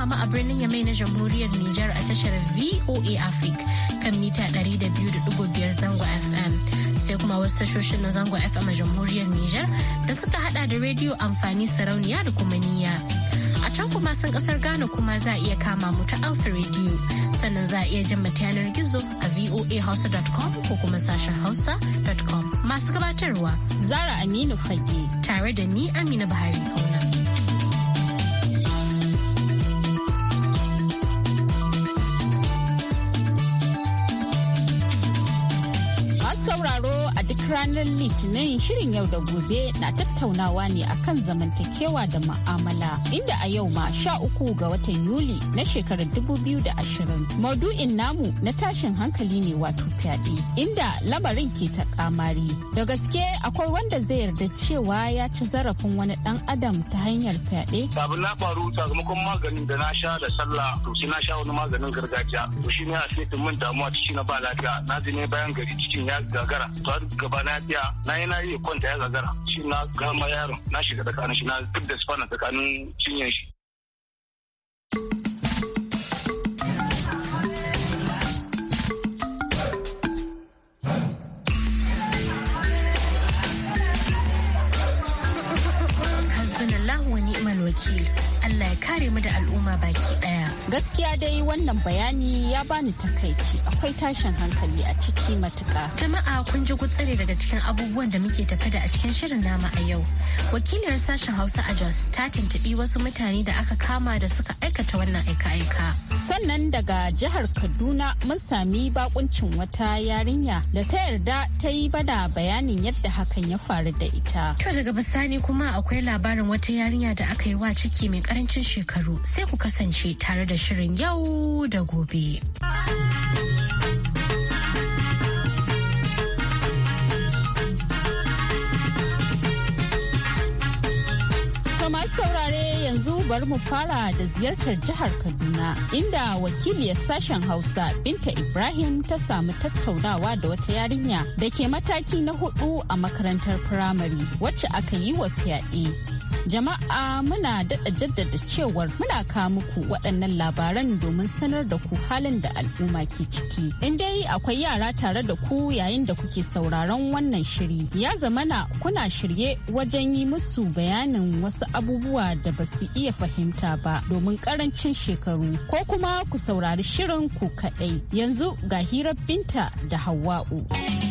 kama a birnin Yamai na Jamhuriyar Nijar a tashar VOA Africa kan mita 200.5 zango FM. Sai kuma wasu tashoshin na zango FM a Jamhuriyar Nijar da suka hada da rediyo amfani sarauniya da kuma niyya. A can kuma sun kasar Ghana kuma za a iya kama mu ta Alpha rediyo sannan za a iya jan mata yanar gizo a voahausa.com ko kuma sashen hausa.com. Masu gabatarwa Zara Aminu Fage tare da ni Amina bahari Buhari. ranar Litinin shirin yau da gobe na tattaunawa ne akan zamantakewa da ma'amala inda a yau ma sha uku ga watan Yuli na shekarar biyu da ashirin Maudu'in namu na tashin hankali ne wato fyaɗe inda lamarin ke ta kamari. Da gaske akwai wanda zai yarda cewa ya ci zarafin wani ɗan adam ta hanyar fyaɗe. sabin na faru sakamakon maganin da na sha da sallah to shi na sha wani maganin gargajiya to shi ne a sai min damuwa ciki na ba lafiya na ji ne bayan gari cikin ya gagara to gaba ba na na yi na yi kwanta ya gagara shi na gama yaron na shiga tsakanin shi na duk da spana tsakanin cinyan shi. Hasbunallahu wa ni'mal wakil. Allah ya kare mu da al'umma baki daya. Gaskiya dai wannan bayani ya bani takaici akwai tashin hankali a ciki matuka. Jama'a kun ji gutsare daga cikin abubuwan da muke tafe da a cikin shirin nama a yau. Wakiliyar sashen Hausa a Jos ta tuntubi wasu mutane da aka kama da suka aikata wannan aika-aika. Sannan daga jihar Kaduna mun sami bakuncin wata yarinya da ta yarda ta yi bada bayanin yadda hakan ya faru da ita. To daga bisani kuma akwai labarin wata yarinya da aka yi wa ciki mai karancin shekaru sai ku kasance tare da shirin yau da gobe. masu yanzu bari mu fara da ziyartar jihar Kaduna inda wakiliyar sashen Hausa Binta Ibrahim ta samu tattaunawa da wata yarinya da ke mataki na hudu a makarantar firamare wacce aka yi wa fyaɗe. Jama'a muna daɗa jaddada cewar muna ka muku waɗannan labaran domin sanar da ku halin da al'umma ke ciki. In dai akwai yara tare da ku yayin da kuke sauraron wannan shiri ya zamana kuna shirye wajen yi musu bayanin wasu abubuwa da ba su iya fahimta ba domin ƙarancin shekaru ko kuma ku saurari shirin ku kaɗai. Yanzu ga hirar binta da Hawwa'u.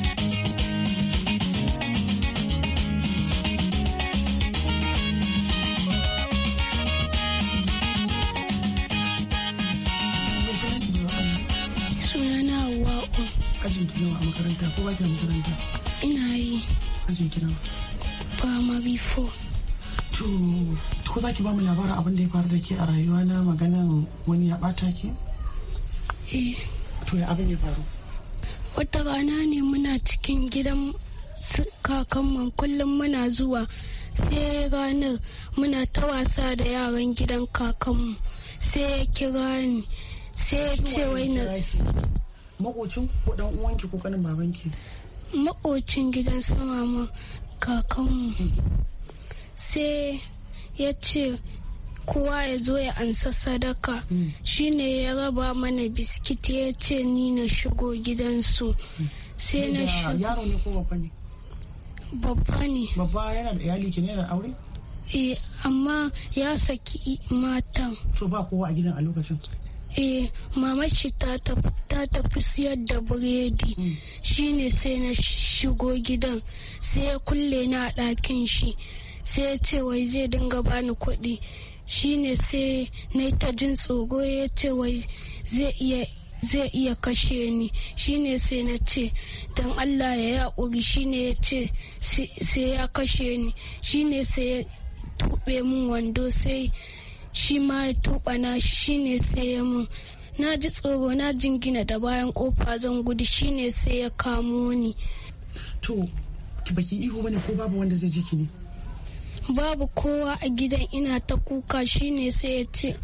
ajin ki nawa a makaranta ko ba ki makaranta ina yi ajin ki nawa primary 4 to ko za ki ba mu labarin abin da ya faru da ke a rayuwa na maganan wani ya bata ki eh to ya abin ya faru wata rana ne muna cikin gidan kakanmu kullum muna zuwa sai ranar muna ta wasa da yaran gidan kakanmu sai ya kira ni sai ya ce wai na makocin ko dan uwanki ko kanin babanki makocin gidan sama ma kakanmu sai ya ce kowa ya zo ya ansa sadaka hmm. shine ya raba mana biskit ya ce ni na shigo gidansu sai na shigo yaro ne ko babba ne babba ne babba yana da iyali ki ne da aure eh amma ya saki matan to ba kowa a gidan a lokacin eh mama shi ta tafi siyar da biredi hmm. shine sai na shigo gidan sai ya kulle na a ɗakin shi sai ya ce wai zai dinga bani kuɗi shine sai na ta jin tsoro ya ce wai zai iya zai iya kashe ni shine sai na ce don allah ya yaƙuri shine ya ce sai ya kashe ni shine sai ya tuɓe min wando sai shi ma ya tuɓa na ne sai ya mun na ji tsoro na jingina da bayan kofa zan gudu ne sai ya kamo ni to ki baki ihu bane ko babu wanda zai ki ne babu kowa a gidan ina ta kuka shi ne sai ya ce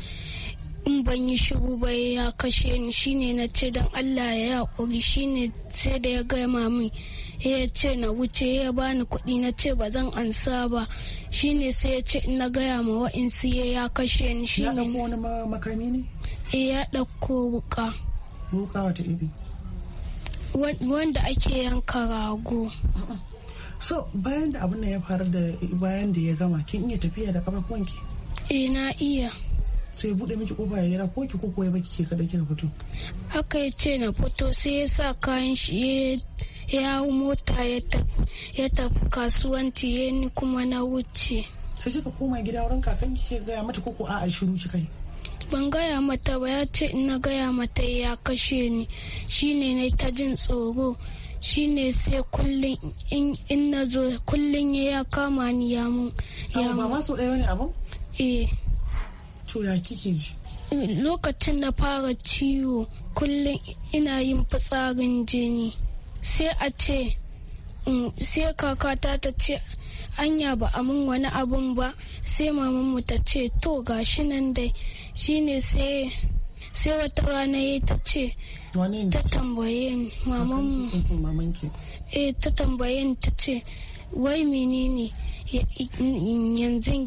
in ban yi shiru ba eh, ya kashe ni shine na ce don allah ya yaƙuri shine sai da ya gama min Eh, ya ce na wuce ya bani kuɗi na ce ba zan ansa ba shine sai ya ce na gaya ma wa'in ya ya kashe ni shi ne wani makami ne eh, ya ɗauko wuka wuka wata iri wanda ake yanka rago so bayan da abin ya faru da bayan da ya gama kin iya tafiya da kafafuwanki eh na iya sai bude miki kofa ya yara ko ki ko ya baki ke kada kika fito haka ya ce na fito sai ya sa kayan shi ya. ya hau mota ya tafi kasuwanci ya ni kuma na wuce sai kika koma gida wurin kakan kike gaya mata koko a a shiru kika yi ban gaya mata ba ya ce na gaya mata ya kashe ni shine ne ta jin tsoro shine sai kullum in na zo kullum ya kama ni ya mu. ya ba ma so ɗaya wani abu. eh to ya kike ji lokacin na fara ciwo kullum ina yin fitsarin jini sai a ce mm, sai kakata ta ce anya ba a mun wani abun ba sai mamanmu ta ce to gashi nan dai shine sai sai wata rana ya ta ce ta tambaye mamanmu e ta tambaye ta ce wai menene yanzu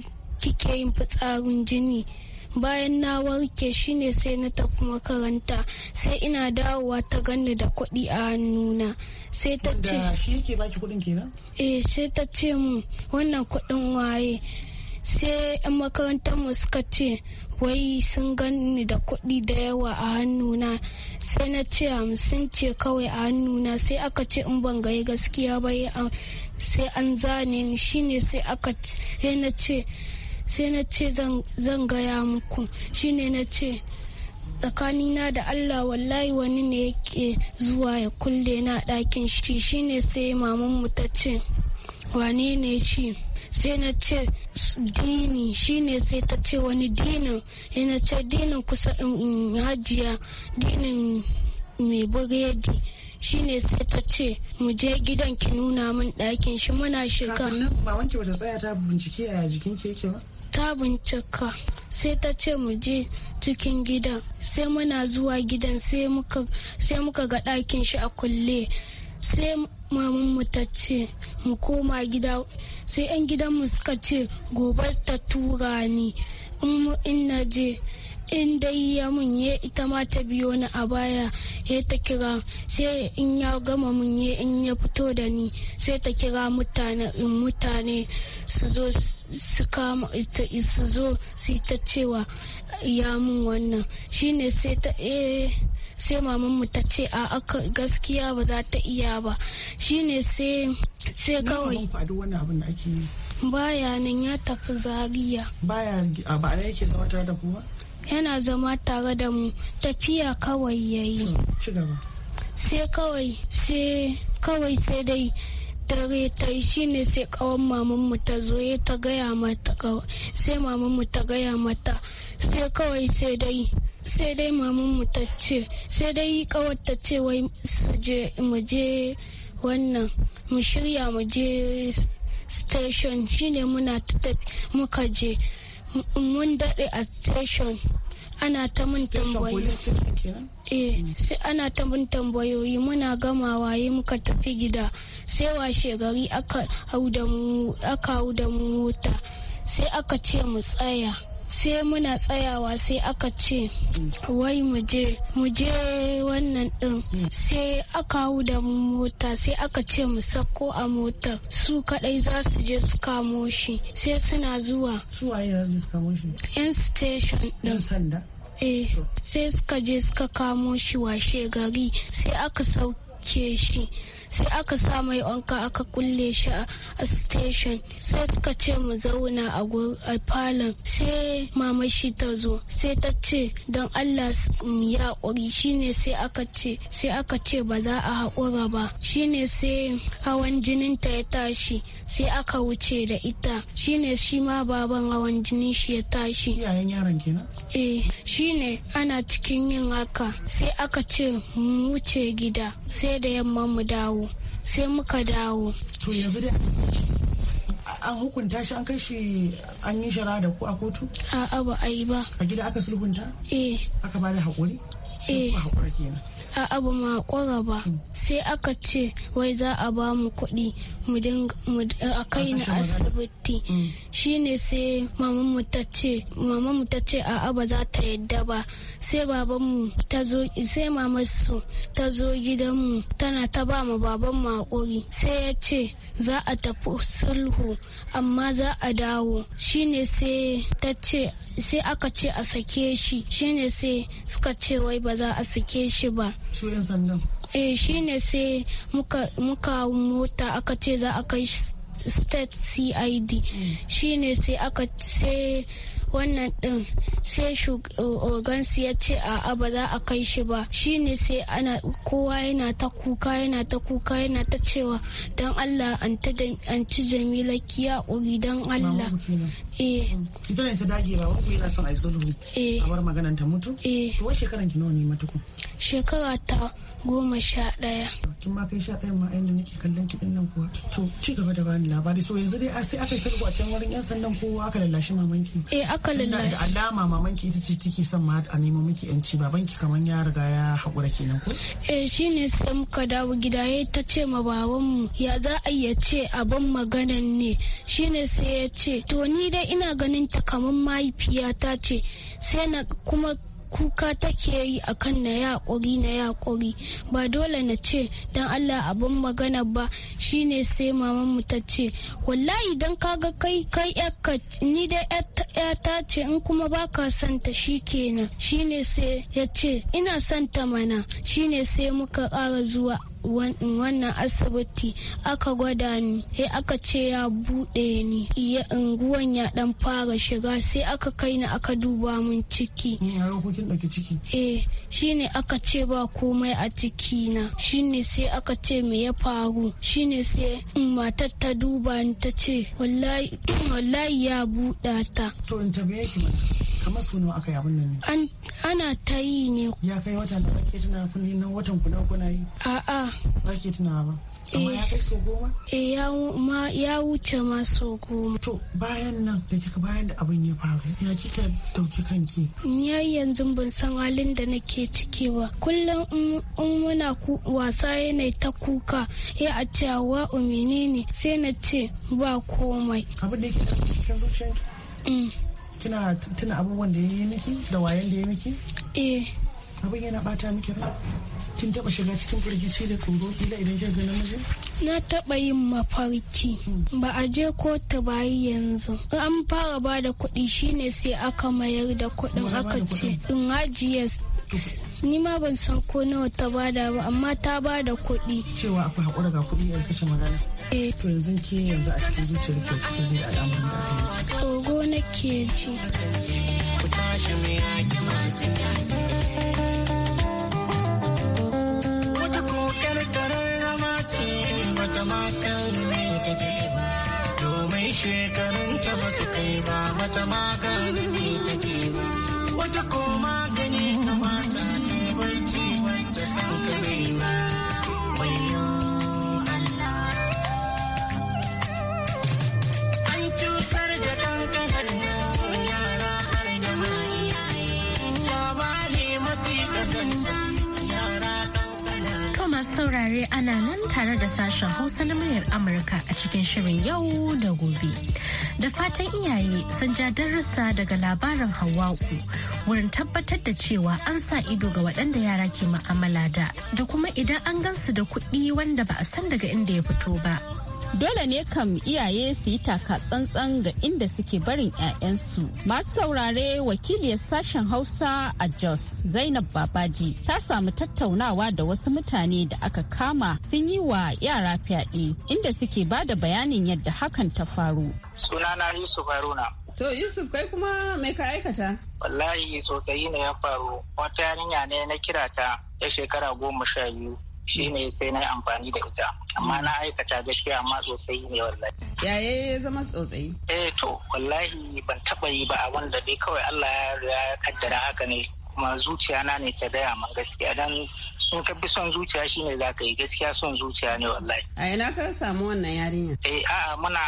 kike yin fitsarin jini bayan na warke shine sai na tafi makaranta sai ina dawowa ta ganni da kuɗi a hannuna sai ta ce shi yake baki kuɗin kenan eh, sai ta ce mu wannan kuɗin waye sai yan makarantar mu suka ce wai sun gani da kuɗi da yawa a hannuna sai na ce hamsin ce kawai a hannuna sai aka ce in ban gayi gaskiya ba sai an zane ni shine sai aka sai na ce sai na ce zan gaya muku shine na ce tsakanina da Allah wallahi wani ne yake zuwa ya kulle na ɗakin shi shine sai mamanmu ta ce wane ne shi sai na ce dini shine sai ta ce wani dinin na ce dinin kusa in hajiya dinin mai buredi shine sai ta ce mu je gidan ki nuna min ɗakin shi muna shiga ba wanke wata tsaya ta bincike a jikin keke ba ta bincika sai ta ce mu je cikin gidan sai muna zuwa gidan sai muka ga ɗakin shi a kulle sai mamanmu ta ce mu koma gida sai 'yan gidanmu suka ce gobe ta tura ni in na je in dai ya mun ye ita ma ta biyo ni a baya ya ta kira sai in ya gama ye in ya fito da ni sai ta kira mutane in mutane su zo su kama ita su zo su ta cewa ya mun wannan shine sai ta eh sai mamanmu ta ce a aka gaskiya ba za ta iya ba shine sai sai kawai baya nan ya tafi zariya. baya a ba yake zama tare da kowa yana zama tare da mu tafiya kawai ya yi sai kawai sai kawai sai dai dare ta yi shine sai kawan mamanmu ta zo ya ta gaya mata sai mamanmu ta gaya mata sai kawai sai dai sai dai mamanmu ta ce sai dai kawar ta ce wai mu je wannan mu shirya mu je station shine muna ta tafi muka je mun daɗe a station ana ta mun tambayoyi eh, sai ana ta mun tambayoyi muna gama waye muka tafi gida sai washe gari aka hau da mu mota sai aka ce mu tsaya sai muna tsayawa sai aka ce wai muje muje wannan din sai aka hau da mota sai aka ce mu sako a mota su kadai za su je su kamo shi sai suna zuwa yan station din eh, sai suka je suka kamo shi washe gari sai aka sauke shi sai aka sa mai wanka aka kulle shi a station sai suka ce mu zauna a falon sai mama shi ta zo sai ta ce don allah ya ƙuri shine sai aka ce sai aka ce ba za a haƙura ba shine sai hawan jinin ta ya tashi sai aka wuce da ita shine shi ma baban hawan jinin shi ya tashi eh shine ana cikin yin haka sai aka ce mu wuce gida sai da yamma mu dawo sai muka dawo to yanzu da an hukunta shi an kai shi an yi shara da ku a kotu a'a ba a yi ba a gida aka sulhunta eh aka bada hakuri eh hakura kenan a'a ba ma ƙwara ba hmm. sai aka ce wai za a ba mu kuɗi mu a kai na asibiti hmm. shi ne sai maman ta ce maman mu ta ce a'a ba za ta yadda ba sai babanmu ta zo sai mamarsu ta zo gidanmu tana ta ba mu babanmu haƙuri sai ya ce za a tafi sulhu amma za a dawo shine sai ta ce sai aka ce a sake shi shine sai suka ce wai ba za a sake shi ba eh shine sai muka muka mota aka ce za a kai state cid mm. shine sai aka sai wannan din sai shugansu ya ce a'a ba za a kai shi ba shi ne sai ana kowa yana ta kuka yana ta kuka yana ta cewa don allah an ci jamila ya uri don allah eh ita ne ta dage ba wani yana son a eh a bar maganan ta mutu eh to wai shekaran ki nawa ne matuku shekara ta goma sha ɗaya. Kin ma kai sha ɗaya ma ainihin nake kallon kiɗin nan kuwa. To ci gaba da bani labari so yanzu dai sai aka yi sarko a can wurin 'yan sandan kowa aka lallashi mamanki. Eh aka lallashi. Da alama mamanki ita ce take son ma a nemo miki yanci babanki kamar ya riga ya haƙura kenan ko. Eh shi ne sai muka dawo gida ya ta ce ma babanmu ya za a iya ce abin maganan ne shi ne sai ya ce to ni dai ina ganin ta kamar mahaifiyata ce sai na kuma kuka take yi a kan na yaƙuri na yaƙuri ba dole na ce don Allah abin magana ba shine sai mamanmu ta ce wallahi don kaga kai kai yakka ni da yata ce in kuma baka santa santa shi kenan shine sai ya ce ina santa mana shine sai muka ƙara zuwa wannan asibiti aka gwada ni sai aka ce ya buɗe ni iya unguwan ya dan fara shiga sai aka kai ni aka duba min ciki ciki eh shine aka ce ba komai a ciki na shine sai aka ce me ya faru shine sai matar ta duba ni ta ce wallahi ya buda ta to in kamar su nawa aka yi abin nan ne ana ta yi ne ya kai wata da kake tuna kun na nan watan kuna kuna yi a'a ba ke tuna ba amma ya kai so goma eh ya wuce ma so goma to bayan nan da kika bayan da abin ya faru ya kika dauki kanki ni yanzu ban san halin da nake ciki ba kullum in muna wasa yana ta kuka ya a wa umini ne sai na ce ba komai abin da yake da cikin zuciyanki mm. kina tuna abubuwan da ya yi miki da wayan da ya yi miki eh abin yana bata miki ba. kin taba shiga cikin firgici da tsoro kila idan kin ga namiji na taba yin mafarki ba a je kotu bayi yanzu an fara ba da kuɗi shine sai aka mayar da kuɗin aka ce in hajiya ni ma ban san ko nawa ta bada ba amma ta bada kuɗi cewa akwai haƙura ga kuɗi a kashe magana eh to yanzu ke yanzu a cikin zuciyar ke kike ji al'amuran da ake tsoro nake ji masu ce domin shekarun ta ba su kai ba wata dare ana nan tare da sashen Hausa na muryar Amurka a cikin shirin yau da gobe. Da fatan iyaye sun ja darussa daga labarin Hawwa'u wurin tabbatar da cewa an sa ido ga waɗanda yara ke ma'amala da da kuma idan an gansu da kuɗi wanda ba a san daga inda ya fito ba dole ne kam iyaye su yi taka tsantsan ga inda suke barin 'ya'yansu masu saurare wakiliyar sashen hausa a jos zainab babaji ta samu tattaunawa da wasu mutane da aka kama sun yi wa yara fyaɗe inda suke ba da bayanin yadda hakan ta faru sunana yusuf haruna to yusuf kai kuma mai ka aikata wallahi sosai ne ya faru wata yarinya ne na kirata ya shekara goma sha biyu ne sai na yi amfani da ita amma na aikata gaskiya amma sosai ne wallahi ya ya zama sosai eh to wallahi ban taba yi ba a da dai kawai Allah ya kaddara haka ne kuma zuciya na ne ta gaya min gaskiya dan in ka bi son zuciya shine za ka yi gaskiya son zuciya ne wallahi a ina ka samu wannan yarinya eh a'a muna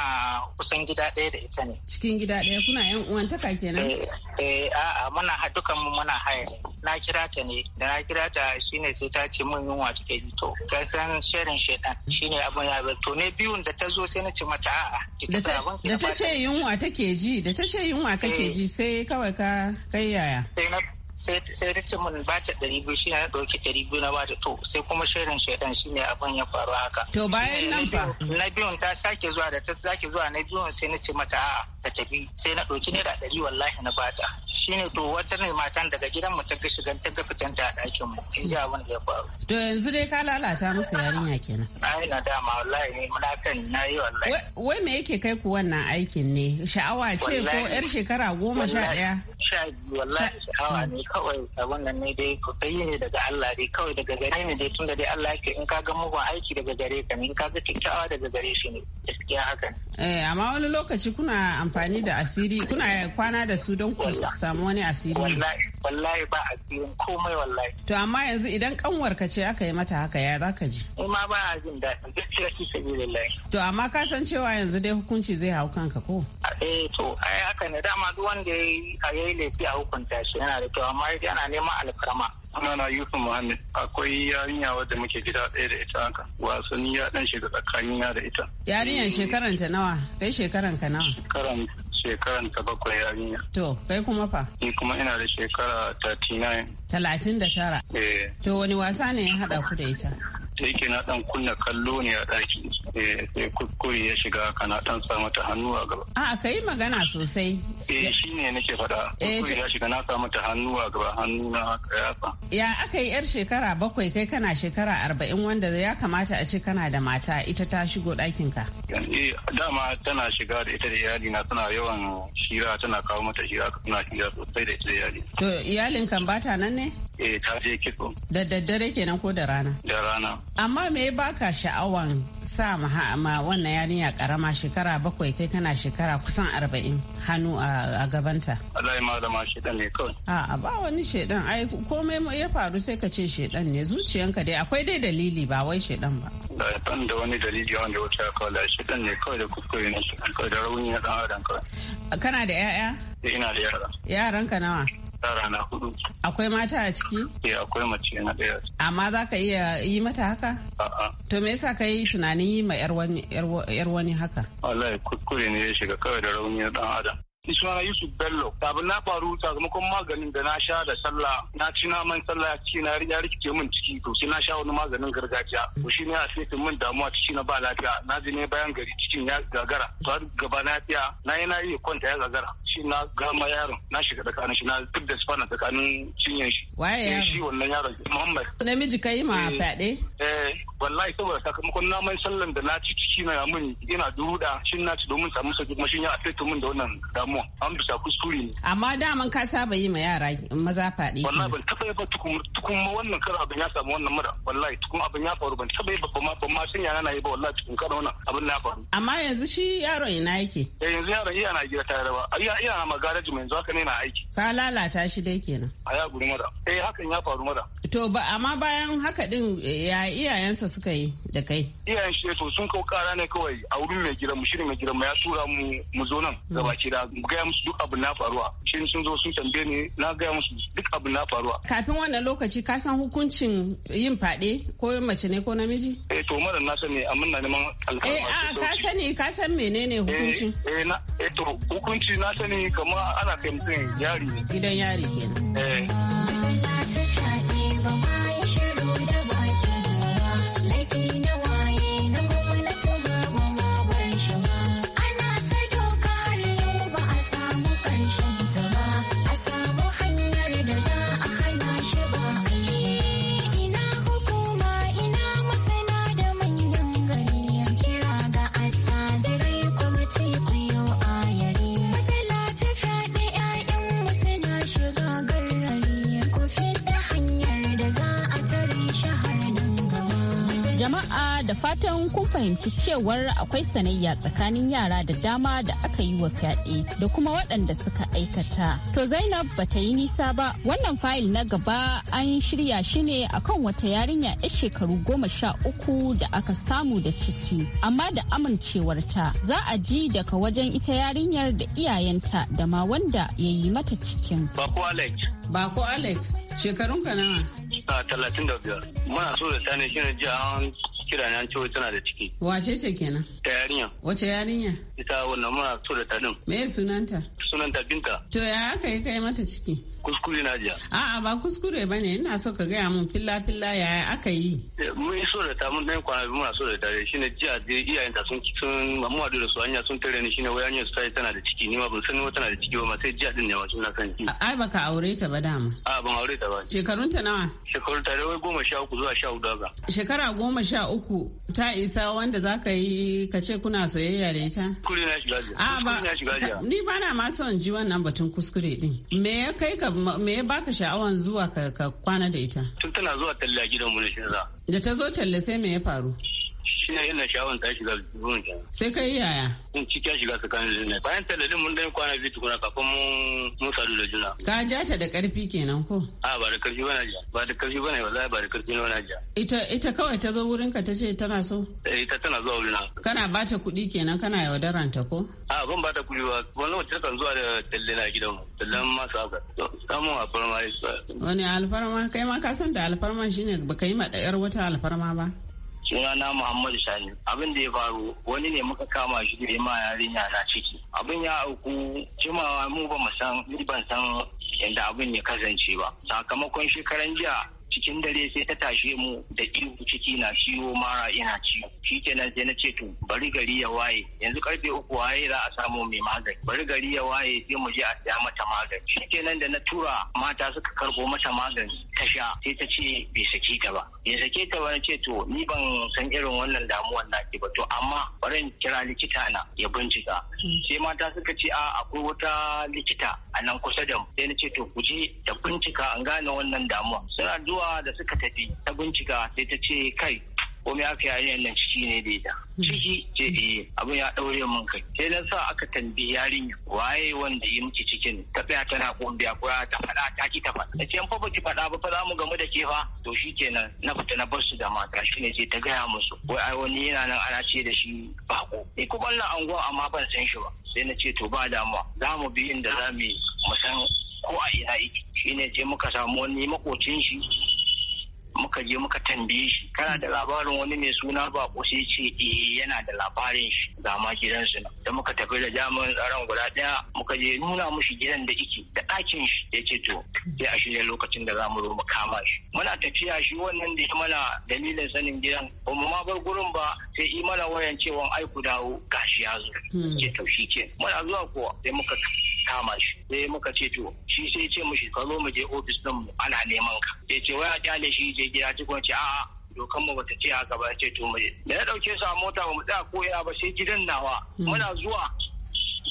kusan gida ɗaya da ita ne cikin gida ɗaya kuna yan uwantaka kenan eh, eh a'a muna dukan mu muna haya na kira ta ne da na kira ta shine sai ta ce mun yunwa take ji to ka san shirin shedan shine abin ya bar to ne biyun da ta zo sai na ce mata a'a da ta ce yunwa take ji da ta ce yunwa kake eh. ji sai kawai ka kai yaya sai na sai ta ce mun ba ta ɗari biyu shi na ɗauki ɗari biyu na ba ta to sai kuma shirin shaidan shi ne abin ya faru haka. To bayan nan ba. Na biyun ta sake zuwa da ta sake zuwa na biyun sai na ce mata a'a. ta tafi sai na ɗauki naira ɗari wallahi na bata shine to wata ne matan daga gidan mu ta ga shigan ta ga fitan ta a ɗakin mu in ji abin da ya faru. to yanzu dai ka lalata musu yarinya kenan. ai na dama wallahi ne muna kan na yi wallahi. wai me yake kai ku wannan aikin ne sha'awa ce ko yar shekara goma sha ɗaya. sha biyu wallahi sha'awa ne kawai abin nan ne dai ko kai ne daga Allah dai kawai daga gare ne dai tunda dai Allah yake in ka ga mugun aiki daga gare ka ne in ka ga kyakkyawa daga gare shi ne gaskiya haka. eh amma wani lokaci kuna amfani da asiri kuna kwana da su don ku samu wani asiri wallahi ba asirin komai wallahi to amma yanzu idan kanwar ka ce aka yi mata haka ya za ka ji ma ba a jin daɗi gaskiya ki sabilillahi to amma ka san cewa yanzu dai hukunci zai hau kanka ko eh to ai haka ne dama duk wanda ya yi laifi a hukunta shi yana da kyau amma yana neman alfarma sunana Yusuf Muhammad akwai yarinya wadda muke gida ɗaya da ita haka wasanni ya dan shiga tsakanina da ita. Yarinyar shekaran ta nawa kai shekaran ka nawa? Shekaran shekaran ta bakwai yarinya. To kai kuma fa? Ni kuma ina da shekara 39. 39? Eh. To wani wasa ne ya haɗa ku da ita? ta yake na dan kunna kallo ne a daki. Eh, sai kuskure ya shiga kana dan sa mata hannu a gaba a ka yi magana sosai eh shine nake faɗa eh, kuskure ya shiga na sa mata hannu a gaba hannu na yasa ya aka yi yar shekara bakwai kai kana shekara arba'in wanda ya kamata a ce kana da mata ita ta shigo ɗakin ka eh dama tana shiga da ita da iyali na tana yawan shira tana kawo mata shira tana shira sosai da ita da iyali to iyalin kan bata nan ne eh ta je kitso da daddare kenan ko da rana da rana amma me ya baka sha'awan sa ma wannan yarinya karama shekara bakwai kai kana shekara kusan arba'in hannu a gabanta Allah malama shedan ne kawai a ba wani shedan ai komai ya faru sai ka ce shedan ne zuciyanka dai akwai dai dalili ba wai shedan ba ban da wani dalili wanda wuce kawai da shedan ne kawai da kuskure ne kawai da rauni na dan adam kawai kana da 'ya'ya? Eh, ina da yara yaranka nawa yara na hudu. Akwai mata a ciki? Eh akwai mace na ɗaya. Amma za ka iya yi mata haka? A'a. To me yasa ka yi tunanin yi ma yar wani haka? Wallahi kuskure ne ya shiga kawai da rauni na ɗan adam. sunana Yusuf Bello. Sabon na faru sakamakon maganin da na sha da sallah na ci naman sallah ciki na ya rikice min ciki to sai na sha wani maganin gargajiya. To shi ne a fetin min damuwa ciki na ba lafiya na ji ne bayan gari cikin ya gagara. To har gaba na fiya na yi na yi kwanta ya gagara. shi na gama yaron na shiga tsakanin shi na duk da spana tsakanin cinyan shi waye eh, shi wannan yaron muhammad namiji ka yi ma eh, fyaɗe eh wallahi saboda sakamakon na mai sallan da na ci ciki na mun ina duruda shi na ci domin samun sauki kuma shi ya afeta mun da wannan damuwa an bisa kuskure ne amma daman ka saba yi ma yara maza fyaɗe wallahi ban taɓa yi ba tukun ma wannan kar abin ya samu wannan mura wallahi tukun abin ya faru ban taɓa yi ba ban ma sun yana na yi ba wallahi tukun kar wannan abin na faru amma yanzu shi yaron ina yake eh yanzu yaron iya na gida tare ta yaraba ina ma magaraji mai yanzu haka ne na aiki ka lalata shi dai kenan a ya guri mada eh hakan ya faru mada to ba amma bayan haka din eh, ya iyayensa suka yi da kai iyayen shi to sun kau kara ne kawai a wurin mai gidan mu shirin mai gidan mu ya tura mu mu zo nan mm. gaba ki da gaya musu duk abin na faruwa shi sun zo sun tambaye ni na gaya musu duk abin na faruwa kafin wannan lokaci ka san hukuncin yin fade ko mace ne ko namiji eh to mara na sani amma na neman alƙalma eh a ka sani ka san menene eh, hukuncin eh eh to hukunci na sani ne kamar ana kai mutum yari. Gidan yari kenan. Eh. da fatan kun fahimci cewar akwai sanayya tsakanin yara da dama da aka yi wa fyaɗe da kuma waɗanda suka aikata. To Zainab ba ta yi nisa ba wannan fayil na gaba an shirya shi ne akan wata yarinya 'yar shekaru goma sha uku da aka samu da ciki amma da amincewarta za a ji daga wajen ita yarinyar da iyayenta da ma wanda ya yi mata cikin. Bako Alex. Bako Alex shekarunka nawa? Talatin da biyar. Muna so da tani shi ne jiya kira ne an ce tana da ciki. Wace ce kenan? Ta yarinya. Wace yarinya? Ita wannan muna so da ta din. Me sunanta? Sunanta Binta. To ya aka yi kai mata ciki? kuskure na jiya. A'a ba kuskure ba ne ina so ka gaya mun filla filla yaya aka yi. Eh, mun yi so da ta mun dan kwana biyu so da ta shi ne jiya da iyayen ta sun sun mamuwa da su hanya sun tare ni shi ne wayan su sai tana da ciki ni ma ban san ni tana da ciki ba ma sai jiya din ne ma sun na san ki. Ai baka aure ta ba dama. A'a ban aure ta ba. Shekarun ta nawa? Shekarun ta wai goma sha uku zuwa sha hudu haka. Shekara goma sha uku ta isa wanda za ka yi ka ce kuna soyayya da ita? Kuskure na shiga jiya. A'a ba. Ni ba na ma son ji wannan batun kuskure din. Me ya kai ka me ya baka sha'awan zuwa ka kwana da ita? Tun tana zuwa talla gidan mu ne shi Da ta zo talla sai me ya faru? shi ne ina shawon ta shiga ruwan kenan. Sai kai yaya? In cikin shiga tsakanin juna. Bayan tallalin mun dai kwana biyu tukuna kafin mun mun sadu da juna. Ka ja ta da ƙarfi kenan ko? A ba da ba na ja. Ba da ba na wallahi ba da ba na ja. Ita ita kawai ta zo wurin ka ta ce tana so? Eh, ita tana zuwa wurin. Kana ba ta kuɗi kenan kana yaudaran ta ko? A ban ba ta kuɗi ba. Wani lokaci kan zuwa da talle na gidan mu. Tallan masu haka. Samun alfarma ya Wani alfarma kai ma ka san da alfarma shine ka yi ma ɗayar wata alfarma ba. sunana Muhammadu Sani abin da ya faru wani ne muka kama shi da ma yarinya na ciki abin ya auku jimawa mu ba mu san ni ban san yadda abin ya kasance ba sakamakon shekaran jiya cikin dare sai ta tashe mu da ihu ciki na ciwo mara ina ciwo shikenan sai na ce to bari gari ya waye yanzu karfe uku waye za a samu mai magani bari gari ya waye sai mu je a siya mata magani nan da na tura mata suka karbo mata magani ta sha sai ta ce bai sake ta ba bai sake ta ba na ce to ni ban san irin wannan damuwar na ba to amma bari in kira likita na ya bincika sai mata suka ce a akwai wata likita a nan kusa da mu sai na ce to ku je ta bincika an gane wannan damuwa suna zuwa da suka tafi ta bincika sai ta ce kai komai aka yi yarinyar nan ciki ne da ita hmm. ciki ce eh abin ya ɗaure mun kai sai na sa aka tambi yarin waye wanda yi miki cikin ta tsaya tana kumbiya ko ta faɗa ta ki ta faɗa nace fa baki faɗa ba fa za mu gamu da ke fa to kenan na fita na bar su da mata shine ce ta gaya musu wai ai wani yana nan ana ce da shi bako ni kuma na anguwa amma ban san shi ba sai na ce to ba damuwa za mu bi inda za mu yi mu san ko a ina yake ne ce muka samu wani makocin shi muka je muka tambaye shi kana da labarin wani mai suna ba sai ce eh yana da labarin shi ga ma gidansu na da muka tafi da jami'in tsaron guda daya muka je nuna mushi gidan da yake da ɗakin shi ya ce to sai a shirya lokacin da za mu zo mu kama shi muna tafiya shi wannan da ya mana dalilin sanin gidan ba mu ma bar gurin ba sai yi mana wayan cewa ai ku dawo gashi ya zo ke hmm. taushi ke muna zuwa kowa sai muka kama shi sai muka ce to shi sai ce mushi ka zo mu je ofis din mu ana neman ka ya ce wai a kyale shi je gida cikon ce a'a dokan mu bata ce haka ba ce to mu je da ya dauke su a mota ba mu tsaya ya ba sai gidan nawa hmm. muna zuwa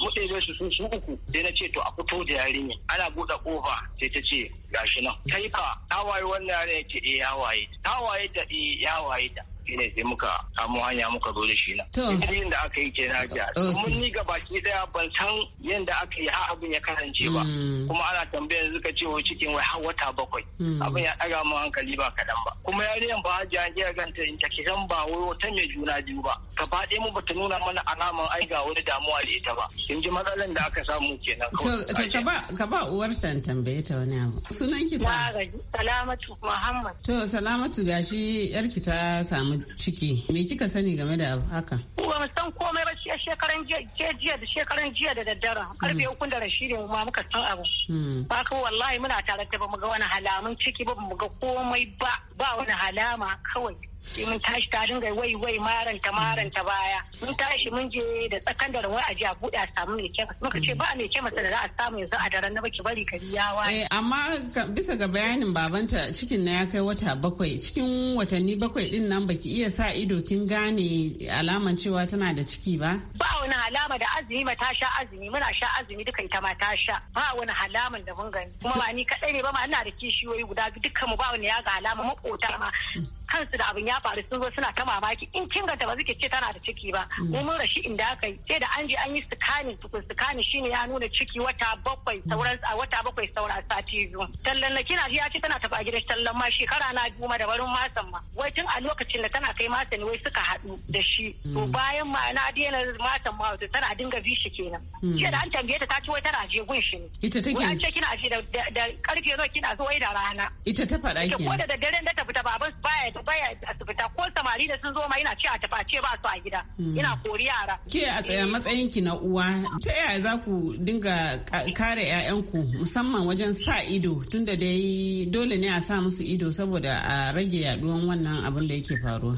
mutane su su su uku sai na ce to a fito da yarinya ana buɗe ƙofa sai ta ce gashi nan kai fa ta waye wannan yarinya ce eh ya waye ta waye ta eh ya waye ta ne sai muka samu hanya muka zo da shi na. Irin da aka yi kenan ja. Mun ni ki daya ban san yadda aka yi har abin ya kasance ba. Hmm. Kuma ana tambayar suka ce wai cikin wai har wata bakwai. Hmm. Abin ya ɗaga mu hankali ba kaɗan ba. Kuma yarinyar ba hajiya an jiya ganta in take san ba wai wata mai juna biyu ba. Gaba ɗaya mu bata nuna mana alaman ai ga wani damuwa da ita ba. In ji matsalan da aka samu kenan. To ka ba uwar san tambaye ta wani abu. Sunan ki ba. Salamatu Muhammad. To Salamatu gashi ki ta samu ciki me kika sani game da haka ba mu san komai ba shi shekaran jiya da shekaran jiya da daddare karfe hmm. uku da rashi ne ma muka san abu hmm. ba ka wallahi muna tare da ba mu ga wani halamun ciki ba mu ga komai ba ba wani halama kawai mun tashi ta dinga wai wai maranta maranta baya mun tashi mun je da tsakan da wai aji a buɗe a samu mai kyau muka ce ba a mai kyau da za a samu yanzu a daren na baki bari kari ya waye. Eh, amma bisa ga bayanin babanta cikin na ya kai wata bakwai cikin watanni bakwai din nan baki iya sa ido kin gane alaman cewa tana da ciki ba. ba wani alama da azumi ma ta sha azumi muna sha azumi duka ita ma ta sha ba wani alaman da mun gani kuma ba ni kaɗai ne ba ma ina da kishiyoyi guda duka mu ba wani ya ga alama makota ma kansu da abin ya faru sun zo suna ta mamaki in kin ganta ba zike ce tana da ciki ba mm. mu mun rashi inda aka yi sai da an je an yi sukani tukun shi shine ya nuna ciki wata bakwai mm. sauran wata bakwai sauran sati biyu tallan na kina ya ce tana tafi a gidan tallan ma shekara na goma da barin masan ma wai tun a lokacin da tana kai masan wai suka haɗu da shi mm. to bayan ma na daina masan ma wato tana dinga bi shi kenan jiya da an tambaye ta ta ce wai tana je gun shi ne ita take an ce kina je da karfe nawa kina zo wai da rana ita ta faɗa Ke ko da daddare da ta fita baban baya baya asibita ko samari da sun zo ma ina ce a taface ba su a gida hmm. ina kori yara ke a tsaya matsayin ki na uwa ta yaya za ku dinga kare ƴaƴanku musamman wajen sa ido tunda dai dole ne a sa musu ido saboda a rage yaduwan wannan abin da yake faruwa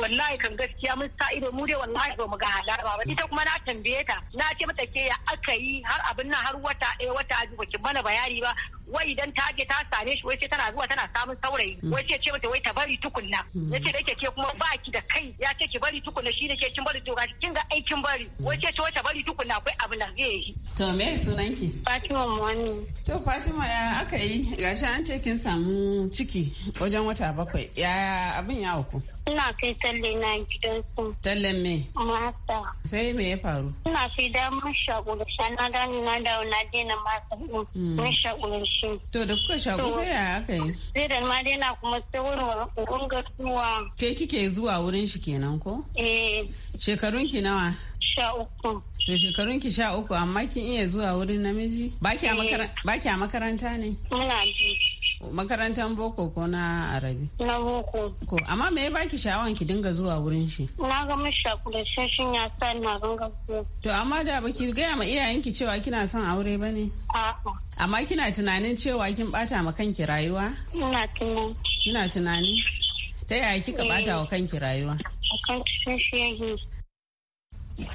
wallahi kan gaskiya mun sa ido mu dai wallahi ba mu ga halarwa ba ita kuma na tambaye ta na ce mata ke ya aka yi har abin nan har wata ɗaya wata biyu ki mana bayani ba wai idan ta ta same shi wai ce tana zuwa tana samun saurayi hmm. wai ce ce mata wai ta bari bari tukunna hmm. yace da ke kuma baki da kai ya ce ki bari tukunna shi ne ke kin bari to kin ga aikin bari hmm. wace ce wace bari tukunna akwai abu na zai yi to me sunan ki Fatima Mwani to Fatima ya aka yi gashi an ce kin samu ciki wajen wata bakwai ya abin ya uku Ina kai talle na gidansu. Talle me? Masa. Sai me ya faru? Ina kai damar mun shakuri na gani na dawo na dena masa ɗin. Mm. Mun shakuri shi. To da kuka shaku sai ya aka yi? Sai da ma dena kuma sai wurin wurin gasuwa. Ke kike zuwa wurin shi kenan ko? Eh. Shekarun ki nawa? Sha uku. To shekarun ki sha uku amma kin iya zuwa wurin namiji? Ba ki a eh. makaranta ne? Muna biyu. makarantar boko ko na arabi na boko ko amma me ya baki sha'awan ki dinga zuwa wurin shi na ga mashi shakulassashin ya sa na ganga to amma da baki gaya ma iyayenki cewa kina son aure ba ne a'a amma kina tunanin cewa kin bata ma kanki rayuwa ina tunani ina tunani ta yaya kika bata wa kanki rayuwa akan tushen shi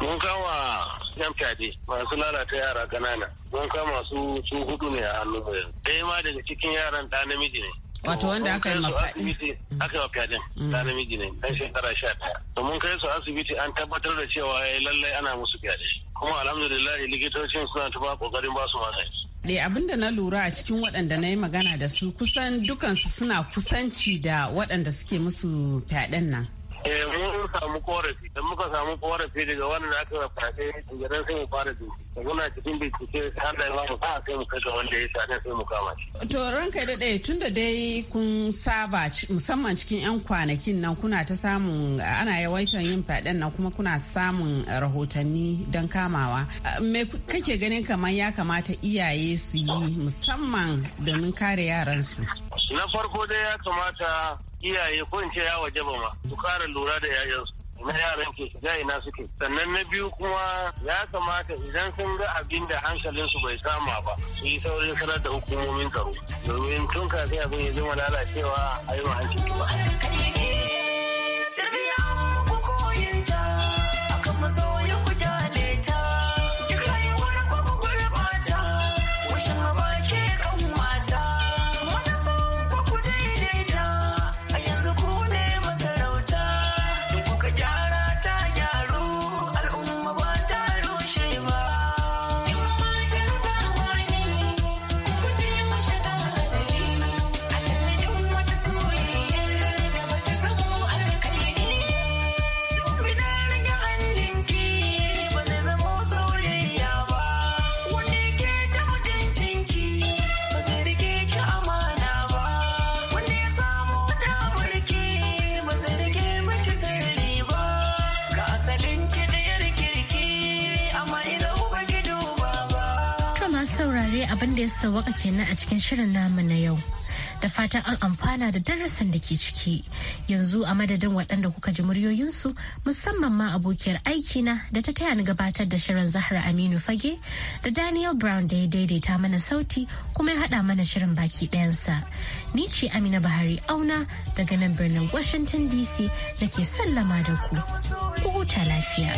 mun kama yan fyaɗe masu lalata yara kanana mun kama su su hudu ne a hannu mu ɗaya ma daga cikin yaran ɗa namiji ne wato wanda aka yi mafaɗi aka yi fyaɗe ɗa mm. namiji ne ɗan shekara sha ɗaya mun kai su asibiti an tabbatar da cewa eh, lallai ana musu fyaɗe kuma alhamdulillah likitocin suna tuba ƙoƙarin ba su magani eh, abin na lura a cikin waɗanda na yi magana da su kusan dukansu suna kusanci da waɗanda suke musu fyaɗen nan. eh mun samu korafi da muka samu korafi daga wannan aka yi fashe daga sai mu fara bincike muna cikin bincike har da ba sa sai mu wanda ya sa sai mu kama shi to ranka da dai tunda dai kun saba musamman cikin yan kwanakin nan kuna ta samun ana yawaitar yin faɗen nan kuma kuna samun rahotanni don kamawa me kake ganin kamar ya kamata iyaye su yi musamman domin kare yaransu na farko dai ya kamata iyaye ko in ce ya waje ma su kara lura da 'ya'yansu na yaran ke ga ina suke sannan na biyu kuma ya kamata idan sun ga abin da hankalinsu bai kama ba su yi saurin sanar da hukumomin tsaro domin tun kafin abin ya zama lalacewa a yi hancin da ya sauwaka kenan a cikin shirin namu na yau. Da fatan an amfana da darasin da ke ciki. Yanzu a madadin waɗanda kuka ji muryoyinsu musamman ma abokiyar aikina da ta taya ni gabatar da shirin Zahra Aminu Fage da Daniel Brown da ya daidaita mana sauti kuma ya haɗa mana shirin baki ɗayansa. Ni ce Amina Bahari Auna daga nan birnin Washington DC da ke sallama da ku. Ku huta lafiya.